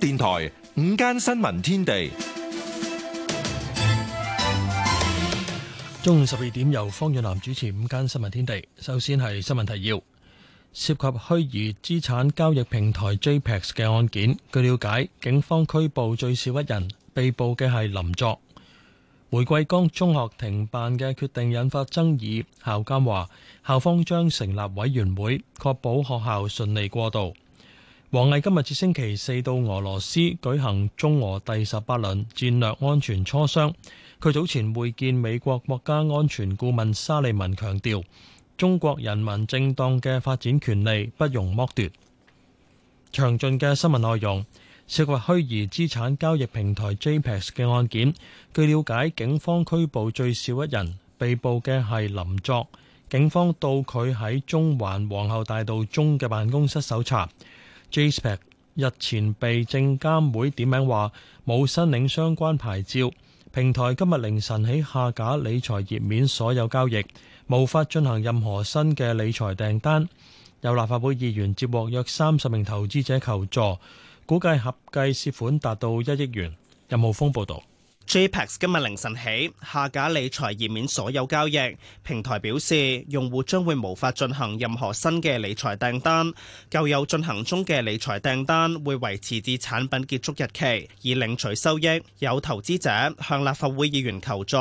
電台午間新聞天地，中午十二點由方遠南主持午間新聞天地。首先係新聞提要，涉及虛擬資產交易平台 JPEX 嘅案件。據了解，警方拘捕最少一人，被捕嘅係林作。玫瑰崗中學停辦嘅決定引發爭議，校監話校方將成立委員會，確保學校順利過渡。王毅今日至星期四到俄羅斯舉行中俄第十八輪戰略安全磋商。佢早前會見美國國家安全顧問沙利文，強調中國人民正當嘅發展權利不容剝奪。詳盡嘅新聞內容，涉及虛擬資產交易平台 JPEX 嘅案件，據了解，警方拘捕最少一人，被捕嘅係林作。警方到佢喺中環皇后大道中嘅辦公室搜查。JSPAC 日前被證監會點名話冇申領相關牌照，平台今日凌晨起下架理財頁面，所有交易無法進行任何新嘅理財訂單，有立法會議員接獲約三十名投資者求助，估計合計涉款達到一億元。任浩峯報道。JPEX 今日凌晨起下架理財頁面所有交易。平台表示，用戶將會無法進行任何新嘅理財訂單，舊有進行中嘅理財訂單會維持至產品結束日期，以領取收益。有投資者向立法會議員求助。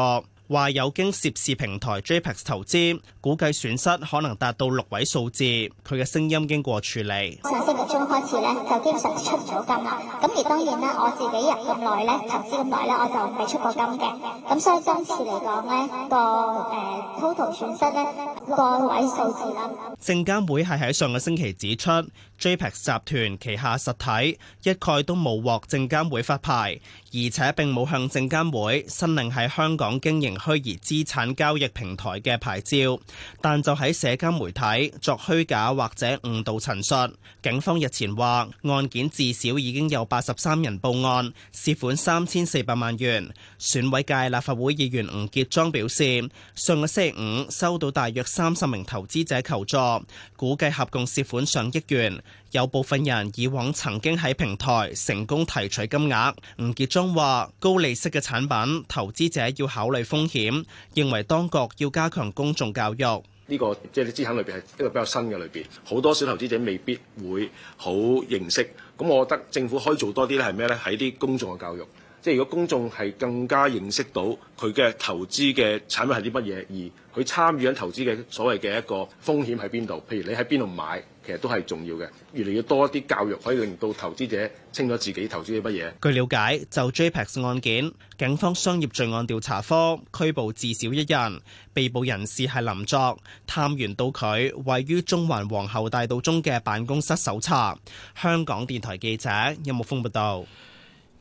話有經涉事平台 JPEX 投資，估計損失可能達到六位數字。佢嘅聲音經過處理。上星期中開始咧，就基本上出唔到金啦。咁而當然啦，我自己入咁耐咧，投資咁耐咧，我就未出過金嘅。咁所以今次嚟講咧，個誒、uh, total 損失咧，個位數字啦。證監會係喺上個星期指出。JPEX 集團旗下實體一概都冇獲證監會發牌，而且並冇向證監會申領喺香港經營虛擬資產交易平台嘅牌照。但就喺社交媒體作虛假或者誤導陳述。警方日前話，案件至少已經有八十三人報案，涉款三千四百萬元。選委界立法會議員吳傑莊表示，上個星期五收到大約三十名投資者求助，估計合共涉款上億元。有部分人以往曾經喺平台成功提取金額。吳傑忠話：高利息嘅產品，投資者要考慮風險。認為當局要加強公眾教育。呢個即係啲資產裏邊係一個比較新嘅裏邊，好多小投資者未必會好認識。咁我覺得政府可以做多啲咧係咩咧？喺啲公眾嘅教育。即係如果公眾係更加認識到佢嘅投資嘅產品係啲乜嘢，而佢參與緊投資嘅所謂嘅一個風險喺邊度？譬如你喺邊度買？其實都係重要嘅，越嚟越多一啲教育可以令到投資者清楚自己投資啲乜嘢。據了解，就 JPEX 案件，警方商業罪案調查科拘捕至少一人，被捕人士係林作，探員到佢位於中環皇后大道中嘅辦公室搜查。香港電台記者任木風報道。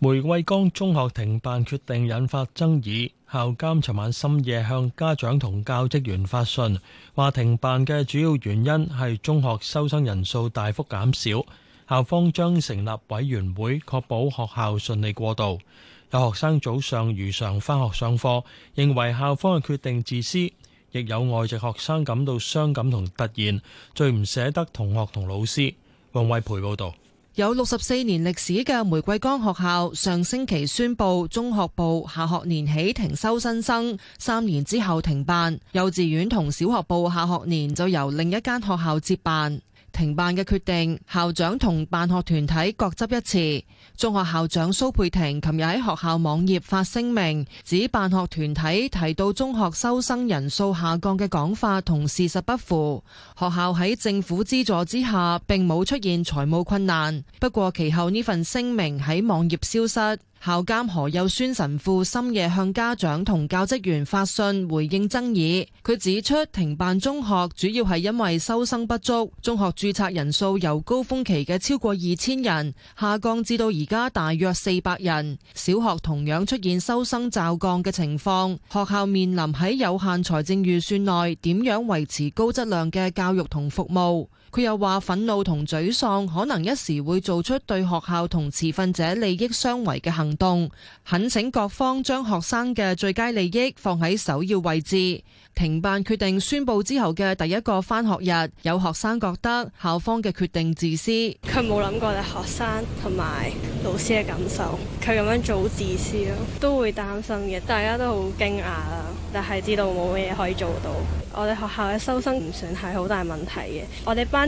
玫瑰崗中學停辦決定引發爭議，校監尋晚深夜向家長同教職員發信，話停辦嘅主要原因係中學收生人數大幅減少，校方將成立委員會確保學校順利過渡。有學生早上如常翻學上課，認為校方嘅決定自私，亦有外籍學生感到傷感同突然，最唔捨得同學同老師。黃偉培報道。有六十四年歷史嘅玫瑰崗學校上星期宣布，中學部下學年起停收新生，三年之後停辦；幼稚園同小學部下學年就由另一間學校接辦。停辦嘅決定，校長同辦學團體各執一詞。中學校長蘇佩婷琴日喺學校網頁發聲明，指辦學團體提到中學收生人數下降嘅講法同事實不符。學校喺政府資助之下，並冇出現財務困難。不過其後呢份聲明喺網頁消失。校監何佑宣神父深夜向家長同教職員發信回應爭議。佢指出，停辦中學主要係因為收生不足，中學註冊人數由高峰期嘅超過二千人下降至到而家大約四百人。小學同樣出現收生驟降嘅情況，學校面臨喺有限財政預算內點樣維持高質量嘅教育同服務。佢又話憤怒同沮喪可能一時會做出對學校同持份者利益相違嘅行動，懇請各方將學生嘅最佳利益放喺首要位置。停辦決定宣布之後嘅第一個翻學日，有學生覺得校方嘅決定自私。佢冇諗過啲學生同埋老師嘅感受，佢咁樣做自私咯，都會擔心嘅。大家都好驚訝啦，但係知道冇咩嘢可以做到。我哋學校嘅收生唔算係好大問題嘅，我哋班。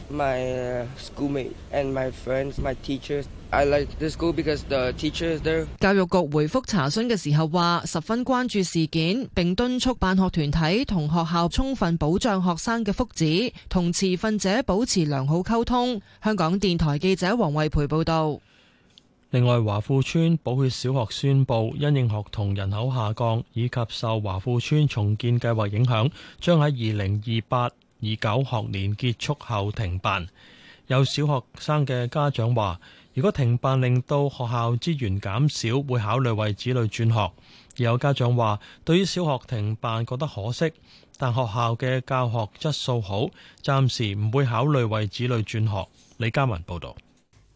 My friends, my like、教育局回覆查詢嘅時候話，十分關注事件，並敦促辦學團體同學校充分保障學生嘅福祉，同持份者保持良好溝通。香港電台記者黃慧培報道。另外，華富邨寶血小學宣布，因應學童人口下降以及受華富邨重建計劃影響，將喺二零二八。二九學年結束後停辦，有小學生嘅家長話，如果停辦令到學校資源減少，會考慮為子女轉學。有家長話，對於小學停辦覺得可惜，但學校嘅教學質素好，暫時唔會考慮為子女轉學。李嘉文報道。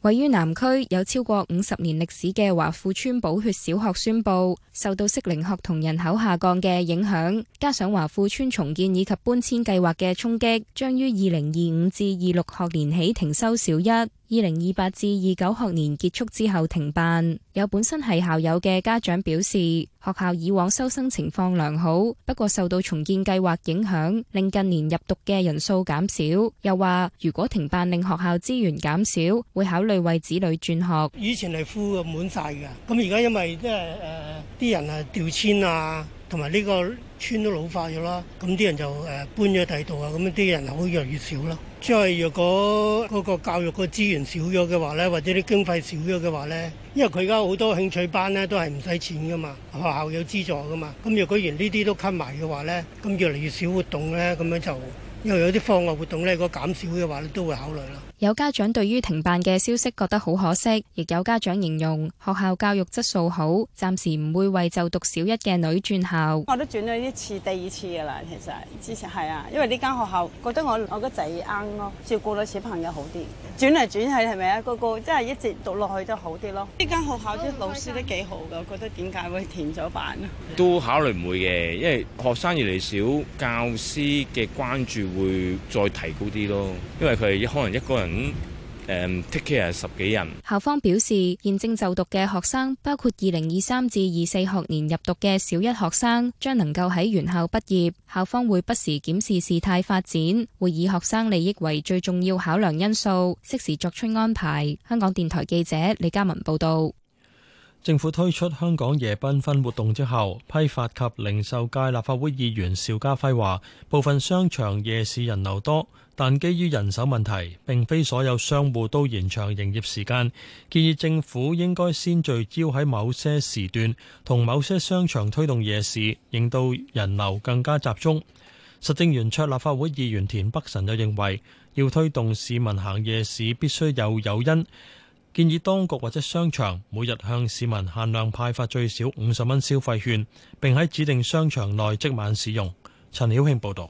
位於南區有超過五十年歷史嘅華富村寶血小學宣布，受到適齡學童人口下降嘅影響，加上華富村重建以及搬遷計劃嘅衝擊，將於二零二五至二六學年起停收小一。二零二八至二九學年結束之後停辦，有本身係校友嘅家長表示，學校以往收生情況良好，不過受到重建計劃影響，令近年入讀嘅人數減少。又話如果停辦令學校資源減少，會考慮為子女轉學。以前係敷嘅滿晒㗎，咁而家因為即係誒啲人啊調遷啊，同埋呢個。村都老化咗啦，咁啲人就誒搬咗第度啊，咁啲人好越嚟越少啦。即係如果嗰個教育個資源少咗嘅話呢，或者啲經費少咗嘅話呢，因為佢而家好多興趣班呢都係唔使錢噶嘛，學校有資助噶嘛。咁若果連呢啲都冚埋嘅話呢，咁越嚟越少活動呢，咁樣就因為有啲校外活動呢，如果減少嘅話咧，你都會考慮啦。有家長對於停辦嘅消息覺得好可惜，亦有家長形容學校教育質素好，暫時唔會為就讀小一嘅女轉校。我都轉咗一次、第二次噶啦，其實之前係啊，因為呢間學校覺得我我個仔啱咯，照顧到小朋友好啲。轉嚟轉去係咪啊？個個即係一直讀落去都好啲咯。呢間學校啲老師都幾好噶，覺得點解會停咗辦？都考慮唔會嘅，因為學生越嚟越少，教師嘅關注會再提高啲咯。因為佢係可能一個人。校方表示，現正就讀嘅學生，包括二零二三至二四學年入讀嘅小一學生，將能夠喺原校畢業。校方會不時檢視事態發展，會以學生利益為最重要考量因素，適時作出安排。香港電台記者李嘉文報道。政府推出香港夜繽紛活動之後，批發及零售界立法會議員邵家輝話：部分商場夜市人流多，但基於人手問題，並非所有商戶都延長營業時間，建議政府應該先聚焦喺某些時段同某些商場推動夜市，令到人流更加集中。實政圓桌立法會議員田北辰又認為要推動市民行夜市必須有誘因，建議當局或者商場每日向市民限量派發最少五十蚊消費券，並喺指定商場內即晚使用。陳曉慶報道。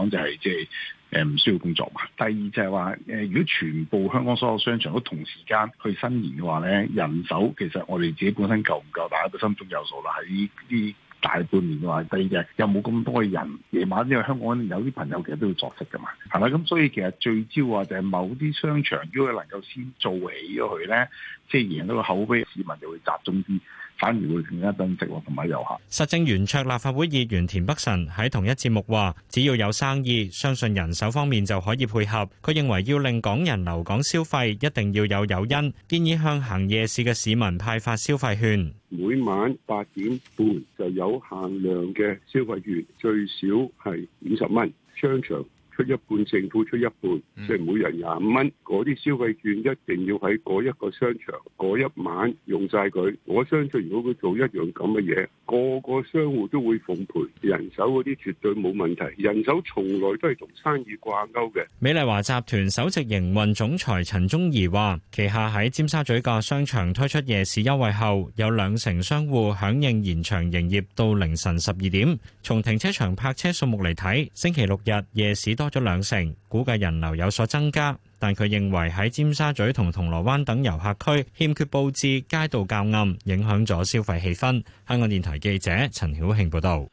講就係即係誒唔需要工作嘛。第二就係話誒，如果全部香港所有商場都同時間去新年嘅話咧，人手其實我哋自己本身夠唔夠，大家都心中有數啦。喺呢大半年嘅話，第二日，就係，又冇咁多嘅人，夜晚因為香港有啲朋友其實都要作息噶嘛，係嘛。咁所以其實聚焦啊就係某啲商場如果佢能夠先做起咗佢咧，即係贏到個口碑，市民就會集中啲。反而會更加珍惜同埋遊客。實政圓桌立法會議員田北辰喺同一節目話，只要有生意，相信人手方面就可以配合。佢認為要令港人留港消費，一定要有誘因，建議向行夜市嘅市民派發消費券。每晚八點半就有限量嘅消費券，最少係五十蚊商場，出一半，政府出一半，即係每人廿五蚊。嗰啲消費券一定要喺嗰一個商場嗰一晚用曬佢。我相信如果佢做一樣咁嘅嘢，個個商戶都會奉陪，人手嗰啲絕對冇問題。人手從來都係同生意掛鈎嘅。美麗華集團首席營運總裁陳忠儀話，旗下喺尖沙咀嘅商場推出夜市優惠後，有兩成商戶響應延長營業到凌晨十二點。從停車場泊車數目嚟睇，星期六日夜市多咗兩成，估計人流有所增加，但佢認為喺尖沙咀同銅鑼灣等遊客區欠缺佈置，街道較暗，影響咗消費氣氛。香港電台記者陳曉慶報道。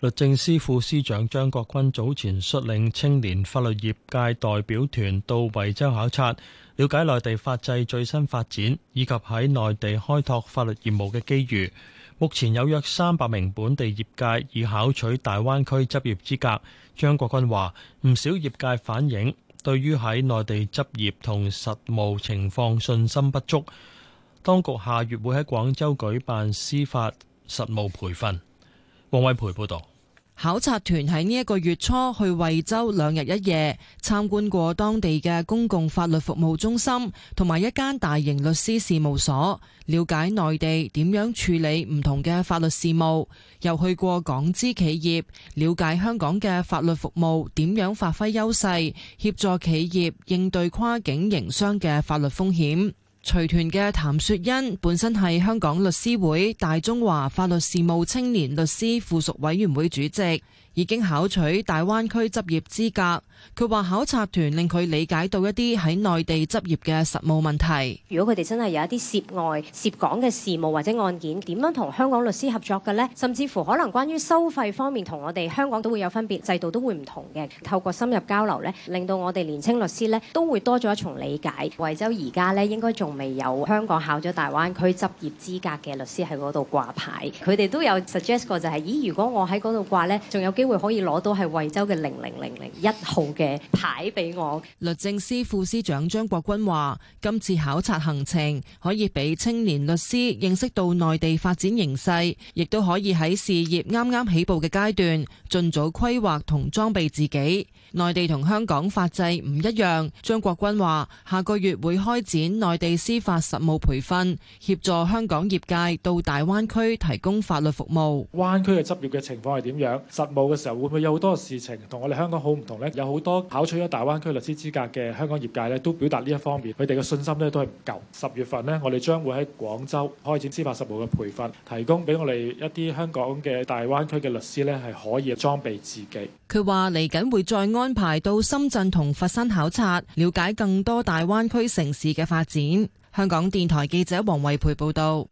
律政司副司長張國鈞早前率領青年法律業界代表團到惠州考察，了解內地法制最新發展以及喺內地開拓法律業務嘅機遇。目前有約三百名本地業界已考取大灣區執業資格。張國軍話：唔少業界反映，對於喺內地執業同實務情況信心不足。當局下月會喺廣州舉辦司法實務培訓。黃偉培報道。考察團喺呢一個月初去惠州兩日一夜，參觀過當地嘅公共法律服務中心同埋一間大型律師事務所，了解內地點樣處理唔同嘅法律事務，又去過港資企業，了解香港嘅法律服務點樣發揮優勢，協助企業應對跨境營商嘅法律風險。隨團嘅譚雪欣本身係香港律師會大中華法律事務青年律師附屬委員會主席，已經考取大灣區執業資格。佢話考察團令佢理解到一啲喺內地執業嘅實務問題。如果佢哋真係有一啲涉外涉港嘅事務或者案件，點樣同香港律師合作嘅呢？甚至乎可能關於收費方面，同我哋香港都會有分別，制度都會唔同嘅。透過深入交流呢，令到我哋年青律師呢都會多咗一重理解。惠州而家呢，應該仲未有香港考咗大灣區執業資格嘅律師喺嗰度掛牌，佢哋都有 suggest 過就係：咦，如果我喺嗰度掛呢，仲有機會可以攞到係惠州嘅零零零零一號，嘅牌俾我。律政司副司長張國鈞話，今次考察行程可以俾青年律師認識到內地發展形勢，亦都可以喺事業啱啱起步嘅階段，盡早規劃同裝備自己。內地同香港法制唔一樣，張國軍話：下個月會開展內地司法實務培訓，協助香港業界到大灣區提供法律服務。灣區嘅執業嘅情況係點樣？實務嘅時候會唔會有好多事情同我哋香港好唔同呢？有好多考取咗大灣區律師資格嘅香港業界呢，都表達呢一方面佢哋嘅信心呢都係唔夠。十月份呢，我哋將會喺廣州開展司法實務嘅培訓，提供俾我哋一啲香港嘅大灣區嘅律師呢，係可以裝備自己。佢話嚟緊會再。安排到深圳同佛山考察，了解更多大灣區城市嘅發展。香港電台記者黃慧培報道。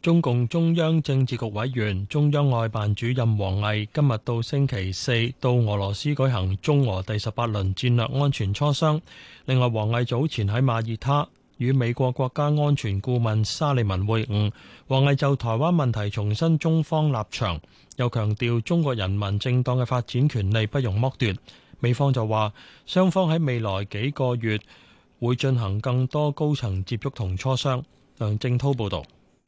中共中央政治局委員、中央外辦主任王毅今日到星期四到俄羅斯舉行中俄第十八輪戰略安全磋商。另外，王毅早前喺馬耳他。與美國國家安全顧問沙利文會晤，王毅就台灣問題重申中方立場，又強調中國人民正當嘅發展權利不容剝奪。美方就話，雙方喺未來幾個月會進行更多高層接觸同磋商。梁正濤報道，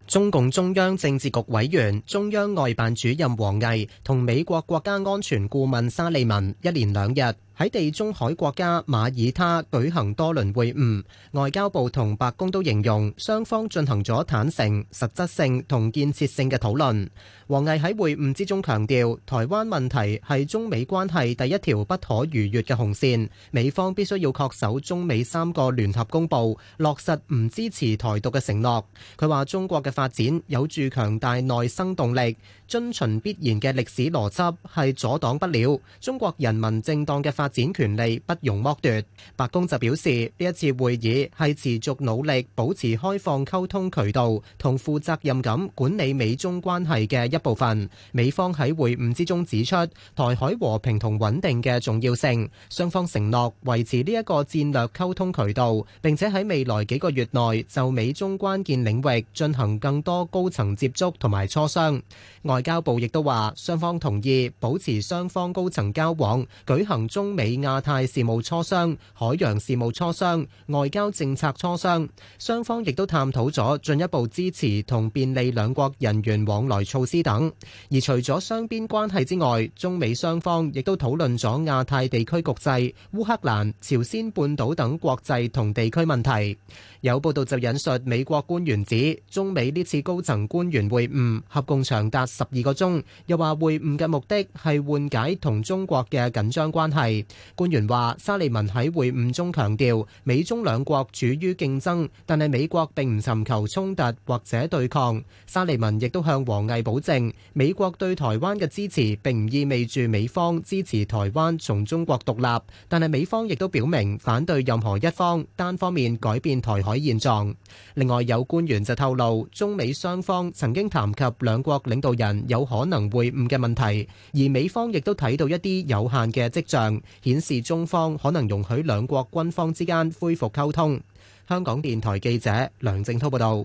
中共中央政治局委員、中央外辦主任王毅同美國國家安全顧問沙利文一連兩日。喺地中海國家馬耳他舉行多輪會晤，外交部同白宮都形容雙方進行咗坦誠、實質性同建設性嘅討論。王毅喺會晤之中強調，台灣問題係中美關係第一條不可逾越嘅紅線，美方必須要確守中美三個聯合公佈，落實唔支持台獨嘅承諾。佢話中國嘅發展有著強大內生動力，遵循必然嘅歷史邏輯係阻擋不了中國人民正當嘅發展。展權利不容剝奪。白宮就表示，呢一次會議係持續努力保持開放溝通渠道同負責任咁管理美中關係嘅一部分。美方喺會晤之中指出，台海和平同穩定嘅重要性。雙方承諾維持呢一個戰略溝通渠道，並且喺未來幾個月內就美中關鍵領域進行更多高層接觸同埋磋商。外交部亦都話，雙方同意保持雙方高層交往，舉行中。中美亞太事務磋商、海洋事務磋商、外交政策磋商，雙方亦都探討咗進一步支持同便利兩國人員往來措施等。而除咗雙邊關係之外，中美雙方亦都討論咗亞太地區局勢、烏克蘭、朝鮮半島等國際同地區問題。有報道就引述美國官員指，中美呢次高層官員會晤合共長達十二個鐘，又話會晤嘅目的係緩解同中國嘅緊張關係。官員話：沙利文喺會晤中強調，美中兩國處於競爭，但係美國並唔尋求衝突或者對抗。沙利文亦都向王毅保證，美國對台灣嘅支持並唔意味住美方支持台灣從中國獨立，但係美方亦都表明反對任何一方，單方面改變台海現狀。另外，有官員就透露，中美雙方曾經談及兩國領導人有可能會晤嘅問題，而美方亦都睇到一啲有限嘅跡象。顯示中方可能容許兩國軍方之間恢復溝通。香港電台記者梁正滔報導，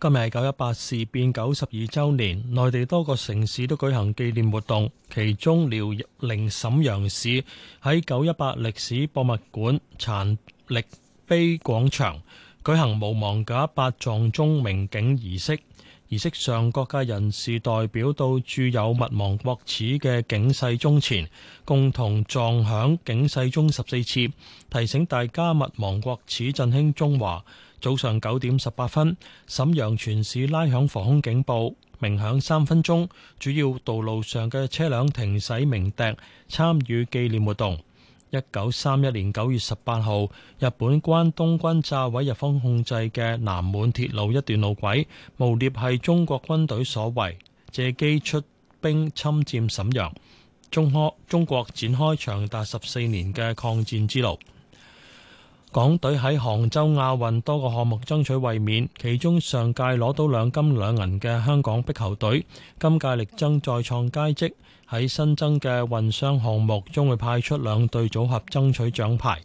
今日係九一八事變九十二週年，內地多個城市都舉行紀念活動，其中遼寧瀋陽市喺九一八歷史博物館殘歷碑廣場舉行無忘九一八撞鐘鳴警儀式。儀式上，各界人士代表到駐有勿忘國恥嘅警世鐘前，共同撞響警世鐘十四次，提醒大家勿忘國恥，振興中華。早上九點十八分，瀋陽全市拉響防空警報，鳴響三分鐘，主要道路上嘅車輛停駛鳴笛，參與紀念活動。一九三一年九月十八號，日本關東軍炸毀日方控制嘅南滿鐵路一段路軌，誣衊係中國軍隊所為，借機出兵侵佔沈陽，中開中國展開長達十四年嘅抗戰之路。港隊喺杭州亞運多個項目爭取衛冕，其中上屆攞到兩金兩銀嘅香港壁球隊，今屆力爭再創佳績。喺新增嘅混雙項目將會派出兩隊組合爭取獎牌。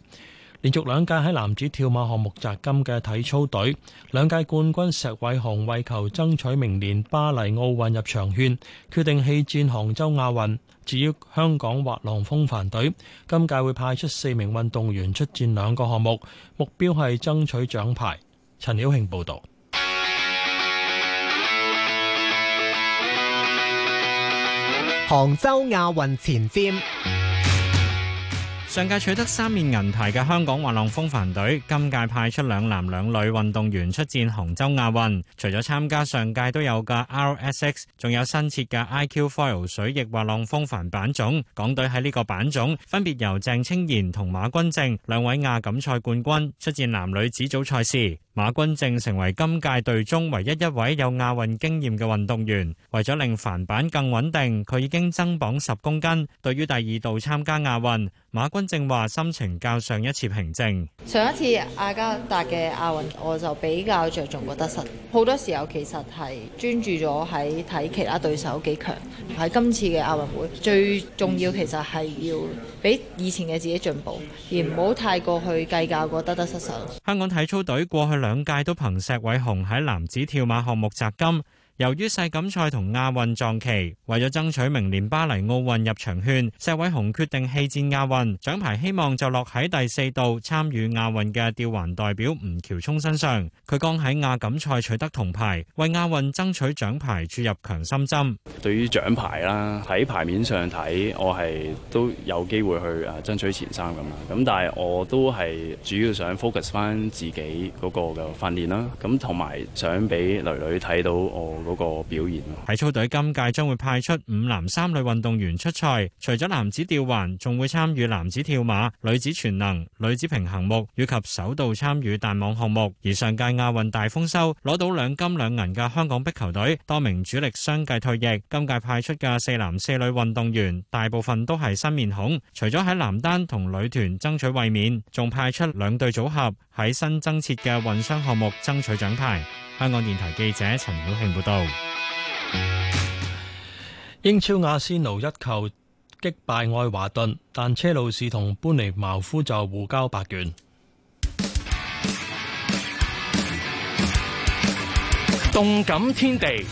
連續兩屆喺男子跳馬項目摘金嘅體操隊，兩屆冠軍石偉雄為求爭取明年巴黎奧運入場券，決定棄戰杭州亞運。至於香港滑浪風帆隊，今屆會派出四名運動員出戰兩個項目，目標係爭取獎牌。陳曉慶報導。杭州亞運前瞻。上屆取得三面銀牌嘅香港滑浪風帆隊，今屆派出兩男兩女運動員出戰杭州亞運。除咗參加上屆都有嘅 RSX，仲有新設嘅 IQFoil 水翼滑浪風帆板種。港隊喺呢個板種分別由鄭青賢同馬君正兩位亞錦賽冠軍出戰男女子組賽事。馬君正成為今屆隊中唯一一位有亞運經驗嘅運動員。為咗令帆板更穩定，佢已經增磅十公斤。對於第二度參加亞運，馬君正話心情較上一次平靜。上一次雅加達嘅亞運，我就比較着重個得失，好多時候其實係專注咗喺睇其他對手幾強。喺今次嘅亞運會，最重要其實係要比以前嘅自己進步，而唔好太過去計較個得得失失。香港體操隊過去兩屆都憑石偉雄喺男子跳馬項目摘金。由於世錦賽同亞運撞期，為咗爭取明年巴黎奧運入場券，石偉雄決定棄戰亞運，獎牌希望就落喺第四度參與亞運嘅吊環代表吳翹充身上。佢剛喺亞錦賽取得銅牌，為亞運爭取獎牌注入強心針。對於獎牌啦，喺牌面上睇，我係都有機會去誒爭取前三咁啦。咁但係我都係主要想 focus 翻自己嗰個嘅訓練啦。咁同埋想俾女女睇到我。體操隊今屆將會派出五男三女運動員出賽，除咗男子吊環，仲會參與男子跳馬、女子全能、女子平衡木，以及首度參與彈網項目。而上屆亞運大豐收，攞到兩金兩銀嘅香港壁球隊多名主力相繼退役，今屆派出嘅四男四女運動員大部分都係新面孔，除咗喺男單同女團爭取衛冕，仲派出兩隊組合喺新增設嘅混雙項目爭取獎牌。香港電台記者陳曉慶報道。英超阿仙奴一球擊敗愛華頓，但車路士同般尼茅夫就互交白卷。動感天地，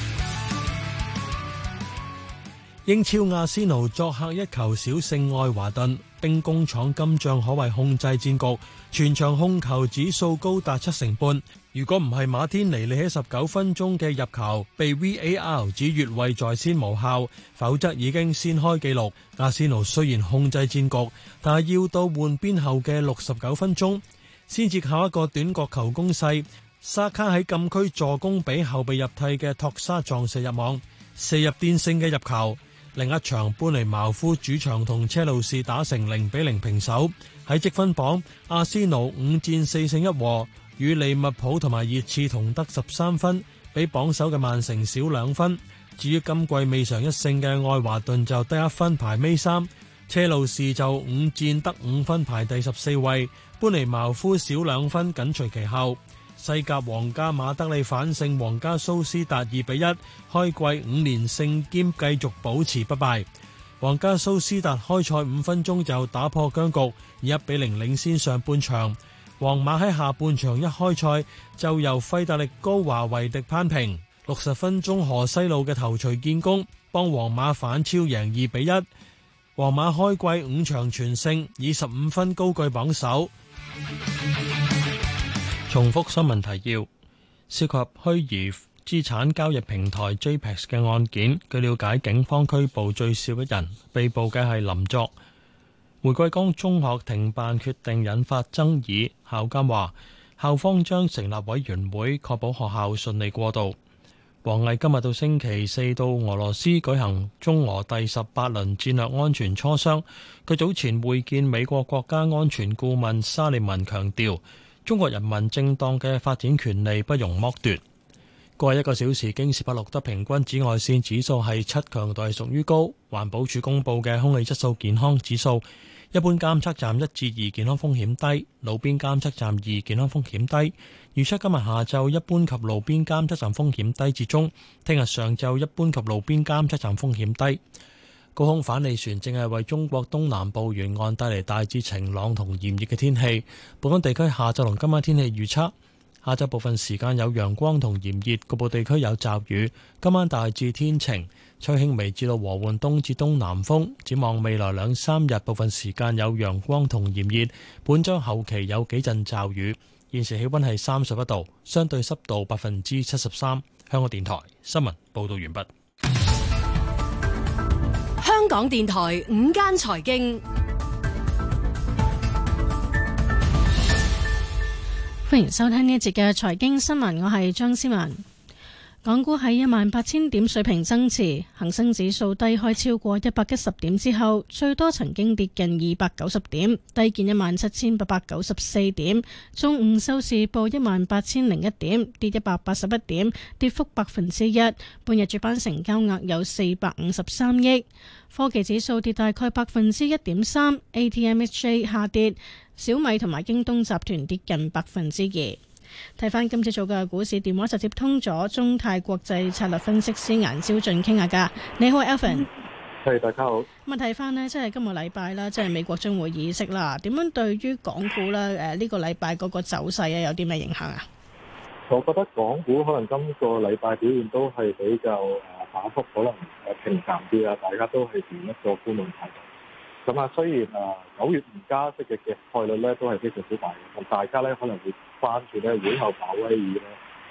英超阿仙奴作客一球小勝愛華頓，兵工廠今仗可謂控制戰局。全場控球指數高達七成半，如果唔係馬天尼利喺十九分鐘嘅入球被 VAR 指越位在先無效，否則已經先開紀錄。阿仙奴雖然控制戰局，但係要到換邊後嘅六十九分鐘，先至下一個短角球攻勢。沙卡喺禁區助攻，俾後備入替嘅托沙撞射入網，射入奠勝嘅入球。另一場般尼茅夫主場同車路士打成零比零平手。喺積分榜，阿仙奴五戰四勝一和，與利物浦同埋熱刺同得十三分，比榜首嘅曼城少兩分。至於今季未嘗一勝嘅愛華頓就得一分排尾三，車路士就五戰得五分排第十四位，班尼茅夫少兩分緊隨其後。西甲皇家馬德里反勝皇家蘇斯達二比一，開季五連勝兼繼續保持不敗。皇家蘇斯達開賽五分鐘就打破僵局，以一比零領先上半場。皇馬喺下半場一開賽就由費達力高華維迪攀平。六十分鐘，河西路嘅頭槌建功，幫皇馬反超贏，贏二比一。皇馬開季五場全勝，以十五分高居榜,榜首。重複新聞提要涉及虛擬。資產交易平台 JPEX 嘅案件，據了解，警方拘捕最少一人，被捕嘅係林作。玫瑰崗中學停辦決定引發爭議，校監話校方將成立委員會，確保學校順利過渡。王毅今日到星期四到俄羅斯舉行中俄第十八輪戰略安全磋商，佢早前會見美國國家安全顧問沙利文強調，強調中國人民正當嘅發展權利不容剝奪。過去一個小時，京士柏錄得平均紫外線指數係七強度，係屬於高。環保署公布嘅空氣質素健康指數，一般監測站一至二，健康風險低；路邊監測站二，健康風險低。預測今日下晝一般及路邊監測站風險低至中，聽日上晝一般及路邊監測站風險低。高空反氣旋正係為中國東南部沿岸帶嚟大致晴朗同炎熱嘅天氣。本港地區下晝同今晚天氣預測。亞洲部分時間有陽光同炎熱，局部地區有驟雨。今晚大致天晴，吹輕微至到和緩東至東南風。展望未來兩三日，部分時間有陽光同炎熱，本周後期有幾陣驟雨。現時氣温係三十一度，相對濕度百分之七十三。香港電台新聞報道完畢。香港電台午間財經。歡迎收聽呢一節嘅財經新聞，我係張思文。港股喺一萬八千點水平增持，恆生指數低開超過一百一十點之後，最多曾經跌近二百九十點，低見一萬七千八百九十四點。中午收市報一萬八千零一點，跌一百八十一點，跌幅百分之一。半日主板成交額有四百五十三億。科技指數跌大概百分之一點三，ATM SJ 下跌，小米同埋京東集團跌近百分之二。睇翻今次做嘅股市電話就接通咗中泰國際策略分析師顏昭俊傾下噶。你好，係 Alvin。係、嗯、大家好。咁啊，睇翻咧，即係今個禮拜啦，即係美國將會議息啦。點樣對於港股咧？誒、呃，呢、這個禮拜嗰個走勢咧，有啲咩影響啊？我覺得港股可能今個禮拜表現都係比較誒，反復可能誒，平淡啲啊。大家都係住一個觀望態度。咁啊，雖然啊九月唔加息嘅嘅概率咧都係非常之大嘅，咁大家咧可能會關注咧，會後鮑威爾咧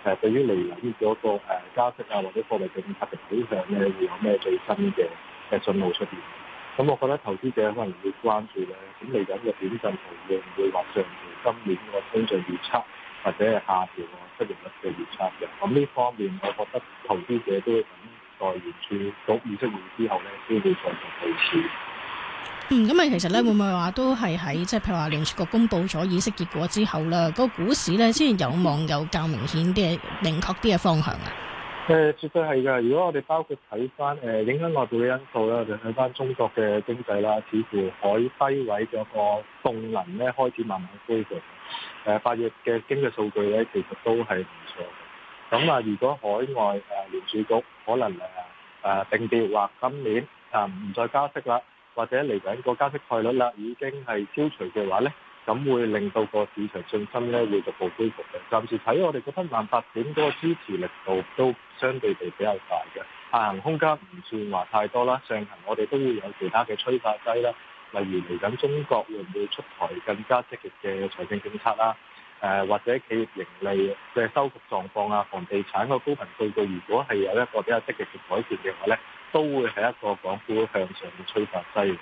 誒，對於嚟緊呢個誒加息啊或者貨幣政策嘅走向咧，會有咩最新嘅嘅訊號出現。咁我覺得投資者可能會關注嘅，咁嚟緊嘅短線預期會唔會話上調今年個通脹預測，或者係下調個失業率嘅預測嘅。咁呢方面，我覺得投資者都要等待完住個議息出現之後咧，先會再做投資。嗯，咁啊，其實咧，會唔會話都係喺即係，譬如話聯儲局公布咗議息結果之後啦，那個股市咧，先至有望有較明顯啲嘅明確啲嘅方向啊。誒，絕對係噶。如果我哋包括睇翻誒影響外部嘅因素啦，就睇翻中國嘅經濟啦，似乎海低位嗰個動能咧，開始慢慢恢復。誒、呃，八月嘅經濟數據咧，其實都係唔錯嘅。咁、嗯、啊、呃，如果海外誒聯儲局可能誒誒、呃、定調話、呃、今年啊唔、呃、再加息啦。或者嚟緊個加息概率啦，已經係消除嘅話咧，咁會令到個市場信心咧會逐步恢復嘅。暫時睇我哋覺得萬八點個支持力度都相對地比較大嘅，下行空間唔算話太多啦。上行我哋都會有其他嘅催化劑啦，例如嚟緊中國會唔會出台更加積極嘅財政政策啦？誒，或者企業盈利嘅收復狀況啊，房地產個高頻數據如果係有一個比較積極嘅改善嘅話咧。都會係一個港股向上嘅催化劑。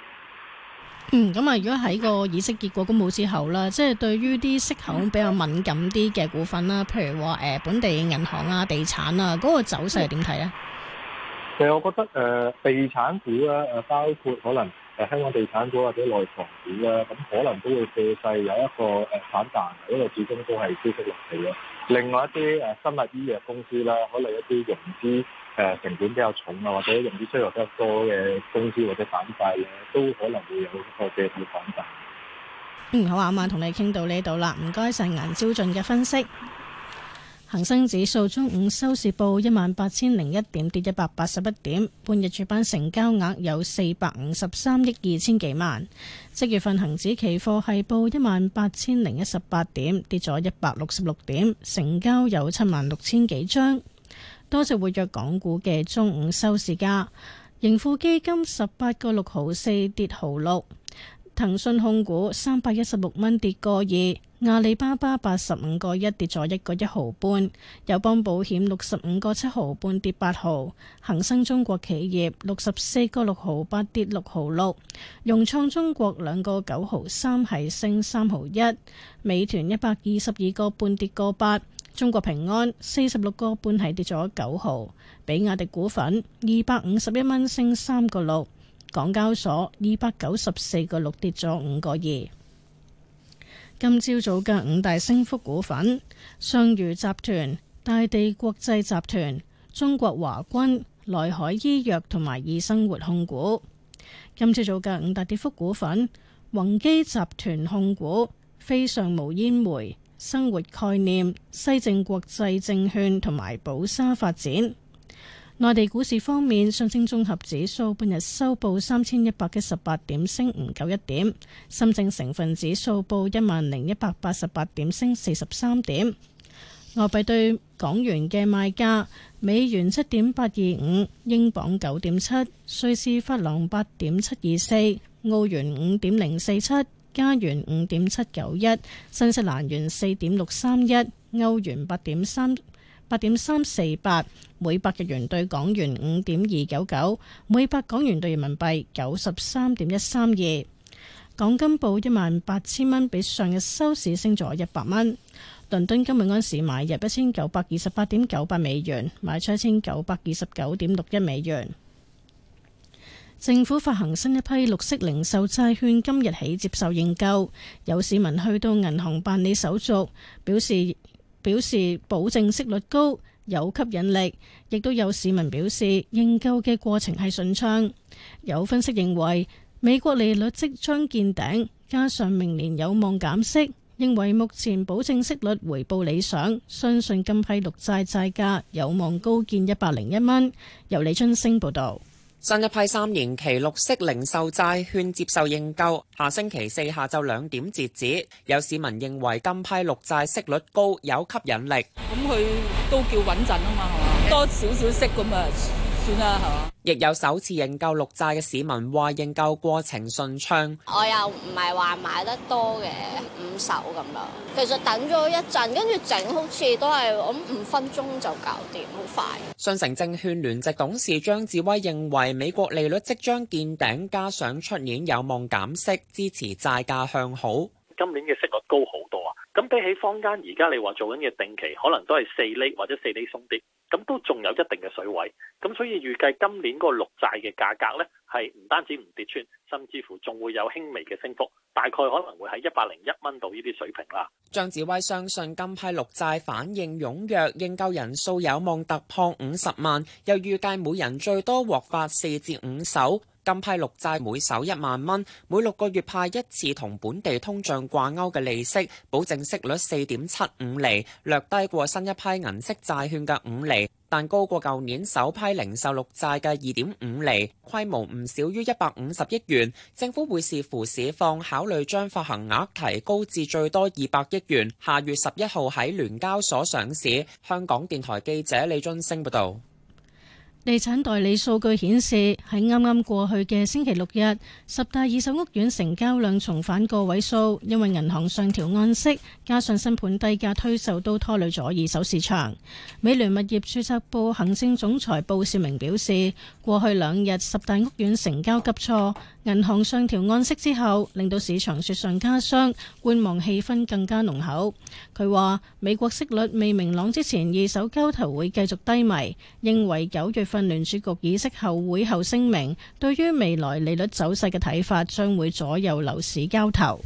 嗯，咁啊，如果喺個議息結果公佈之後啦，即係對於啲息口比較敏感啲嘅股份啦，譬如話誒、呃、本地銀行啊、地產啊，嗰、那個走勢點睇咧？其實我覺得誒、呃，地產股咧、啊，誒包括可能誒、呃、香港地產股或者內房股咧、啊，咁、嗯、可能都會借勢有一個誒、呃、反彈，因為始終都係消息落嚟咯。另外一啲誒、啊、生物醫藥公司啦、啊，可能一啲融資。誒、呃，成本比較重啊，或者容易出求得多嘅公司或者板塊咧，都可能會有一個借吐反彈。嗯，好啊，啱啱，同你傾到呢度啦。唔該晒顏朝俊嘅分析。恒 生指數中午收市報一萬八千零一點，跌一百八十一點。半日主板成交額有四百五十三億二千幾萬。七月份恒指期貨係報一萬八千零一十八點，跌咗一百六十六點，成交有七萬六千幾張。多隻活躍港股嘅中午收市價，盈富基金十八個六毫四跌毫六，騰訊控股三百一十六蚊跌個二，阿里巴巴八十五個一跌咗一個一毫半，友邦保險六十五個七毫半跌八毫，恒生中國企業六十四個六毫八跌六毫六，融創中國兩個九毫三係升三毫一，美團一百二十二個半跌個八。中國平安四十六個半係跌咗九毫，比亞迪股份二百五十一蚊升三個六，港交所二百九十四個六跌咗五個二。今朝早嘅五大升幅股份：上虞集團、大地國際集團、中國華軍、內海醫藥同埋易生活控股。今朝早嘅五大跌幅股份：宏基集團控股、飛尚無煙煤。生活概念、西證國際證券同埋寶沙發展。內地股市方面，上證綜合指數半日收報三千一百一十八點，升五九一點，深證成分指數報一萬零一百八十八點，升四十三點。外幣對港元嘅賣價：美元七點八二五，英鎊九點七，瑞士法郎八點七二四，澳元五點零四七。加元五點七九一，91，新西蘭元四點六三一，歐元八點三八點三四八，每百日元對港元五點二九九，每百港元對人民幣九十三點一三二。港金報一萬八千蚊，比上日收市升咗一百蚊。倫敦金每盎司買入一千九百二十八點九八美元，賣出一千九百二十九點六一美元。政府發行新一批綠色零售債券，今日起接受認購，有市民去到銀行辦理手續表示表示保證息率高，有吸引力。亦都有市民表示認購嘅過程係順暢，有分析認為美國利率即將見頂，加上明年有望減息，認為目前保證息率回報理想，相信今批綠債債價有望高見一百零一蚊。由李春星報道。新一批三年期綠色零售債券接受認購，下星期四下晝兩點截止。有市民認為今批綠債息率高，有吸引力。咁佢、嗯、都叫穩陣啊嘛，多少少息咁啊。亦有首次認購綠債嘅市民話，認購過程順暢。我又唔係話買得多嘅，五手咁啦，其實等咗一陣，跟住整好似都係咁，五分鐘就搞掂，好快。信誠證券聯席董事張智威認為，美國利率即將見頂，加上出年有望減息，支持債價向好。今年嘅息率高好多。咁比起坊間而家你話做緊嘅定期，可能都係四厘或者四厘鬆啲，咁都仲有一定嘅水位。咁所以預計今年嗰個綠債嘅價格呢，係唔單止唔跌穿，甚至乎仲會有輕微嘅升幅，大概可能會喺一百零一蚊度呢啲水平啦。張子威相信今批綠債反應踴躍，認購人數有望突破五十萬，又預計每人最多獲發四至五手。今批綠債每手一萬蚊，每六個月派一次同本地通脹掛鈎嘅利息，保證息率四點七五厘，略低過新一批銀色債券嘅五厘。但高過舊年首批零售綠債嘅二點五厘，規模唔少於一百五十億元。政府會視乎市況考慮將發行額提高至最多二百億元，下月十一號喺聯交所上市。香港電台記者李津升報道。地產代理數據顯示，喺啱啱過去嘅星期六日，十大二手屋苑成交量重返個位數，因為銀行上調按息，加上新盤低價推售都拖累咗二手市場。美聯物業註冊部行政總裁布少明表示，過去兩日十大屋苑成交急挫，銀行上調按息之後，令到市場雪上加霜，觀望氣氛更加濃厚。佢話美國息率未明朗之前，二手交投會繼續低迷，認為九月。聯儲局議息後會後聲明，對於未來利率走勢嘅睇法，將會左右樓市交投。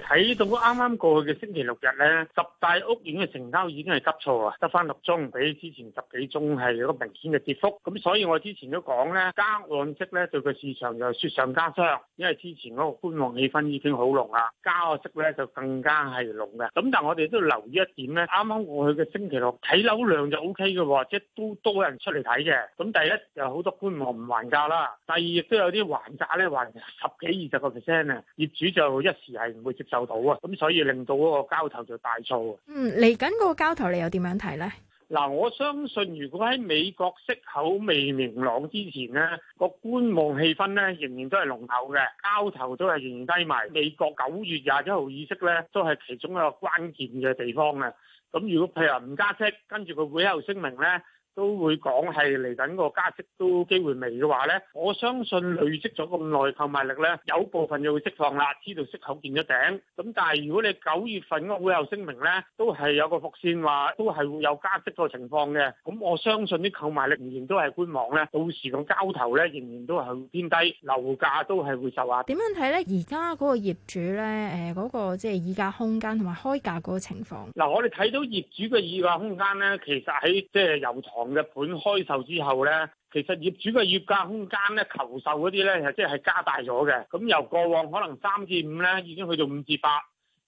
睇到啱啱過去嘅星期六日咧，十大屋苑嘅成交已經係急挫啊，得返六宗，比之前十幾宗係有個明顯嘅跌幅。咁所以我之前都講咧，加按息咧對個市場就雪上加霜，因為之前嗰個觀望氣氛已經好濃啦，加按息咧就更加係濃嘅。咁但係我哋都留意一點咧，啱啱過去嘅星期六睇樓量就 O K 嘅，即係都多人出嚟睇嘅。咁第一又好多觀望唔還價啦，第二亦都有啲還價咧還十幾二十個 percent 啊，業主就一時係唔會接。受到啊，咁所以令到嗰個交投就大燥啊。嗯，嚟緊嗰個交投你又點樣睇呢？嗱、嗯，我相信如果喺美國息口未明朗之前呢、個觀望氣氛呢仍然都係濃厚嘅，交投都係仍然低埋。美國九月廿一號議息呢都係其中一個關鍵嘅地方嘅。咁如果譬如話唔加息，跟住佢會喺度聲明呢。都會講係嚟緊個加息都機會微嘅話咧，我相信累積咗咁耐購買力咧，有部分就會釋放啦，知道息口見咗頂。咁但係如果你九月份嗰個會後聲明咧，都係有個伏線話，都係會有加息個情況嘅。咁我相信啲購買力仍然都係觀望咧，到時個交投咧仍然都係會偏低，樓價都係會受壓。點樣睇咧？而家嗰個業主咧，誒、呃、嗰、那個即係議價空間同埋開價嗰個情況。嗱，我哋睇到業主嘅議價空間咧，其實喺即係有藏。日本開售之後咧，其實業主嘅議價空間咧，求售嗰啲咧係即係加大咗嘅。咁由過往可能三至五咧，已經去到五至八。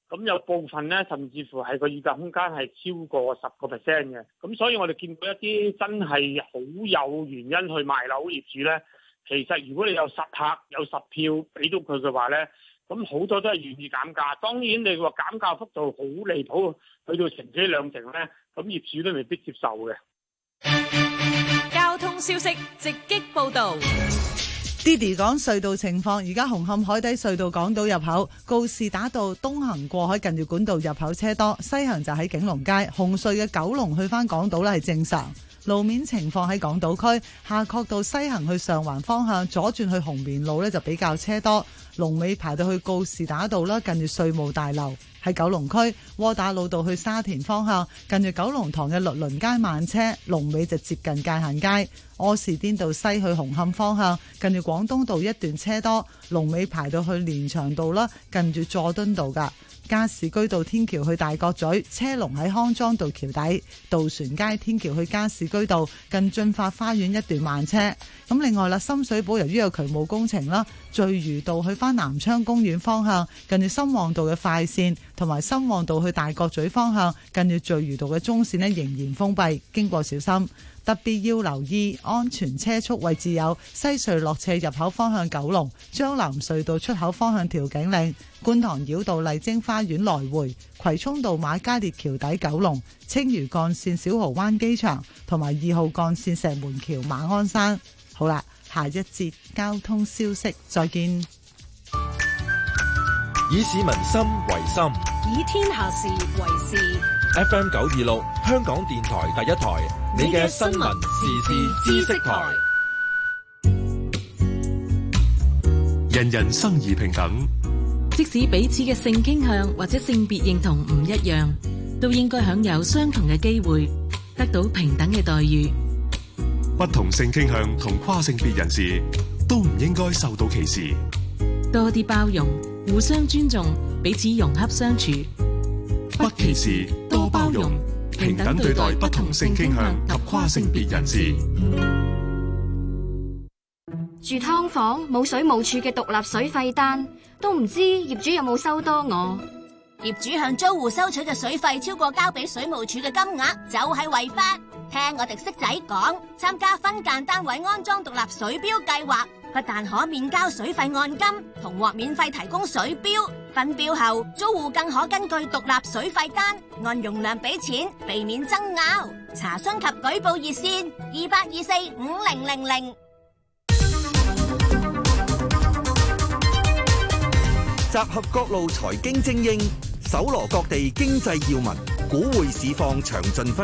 咁有部分咧，甚至乎係個議價空間係超過十個 percent 嘅。咁所以我哋見到一啲真係好有原因去賣樓業主咧，其實如果你有十客有十票俾到佢嘅話咧，咁好多都係願意減價。當然你話減價幅度好離譜，去到成車兩成咧，咁業主都未必接受嘅。消息直擊報道，Diddy 講隧道情況，而家紅磡海底隧道港島入口告士打道東行過海近住管道入口車多，西行就喺景隆街，紅隧嘅九龍去翻港島呢係正常。路面情況喺港島區夏慤道西行去上環方向左轉去紅棉路呢就比較車多，龍尾排到去告士打道啦，近住稅務大樓。喺九龍區窩打老道去沙田方向，近住九龍塘嘅律倫街慢車龍尾就接近界限街。柯士甸道西去紅磡方向，近住廣東道一段車多，龍尾排到去連翔道啦，近住佐敦道㗎。加士居道天橋去大角咀車龍喺康莊道橋底，渡船街天橋去加士居道近駿發花園一段慢車。咁另外啦，深水埗由於有渠務工程啦，聚魚道去返南昌公園方向近住深旺道嘅快線，同埋深旺道去大角咀方向近住聚魚道嘅中線呢，仍然封閉，經過小心。特別要留意安全車速位置有西隧落斜入口方向九龍、將藍隧道出口方向調景嶺、觀塘繞道麗晶花園來回、葵涌道瑪嘉烈橋底九龍、青嶼幹線小蠔灣機場同埋二號幹線石門橋馬鞍山。好啦，下一節交通消息，再見。以市民心為心，以天下事為事。FM 九二六，香港電台第一台，你嘅新聞時事知識台。人人生而平等，即使彼此嘅性傾向或者性別認同唔一樣，都應該享有相同嘅機會，得到平等嘅待遇。不同性傾向同跨性別人士都唔應該受到歧視。多啲包容，互相尊重，彼此融洽相處，不歧視。多包容、平等對待不同性傾向及跨性別人士。住劏房冇水務署嘅獨立水費單，都唔知業主有冇收多我。業主向租戶收取嘅水費超過交俾水務署嘅金額，就係違法。聽我哋識仔講，參加分間單位安裝獨立水表計劃。不但可免交水費按金，同獲免費提供水表，分表後，租戶更可根據獨立水費單按用量俾錢，避免爭拗。查詢及舉報熱線：二八二四五零零零。集合各路財經精英，搜羅各地經濟要聞，股匯市況詳盡分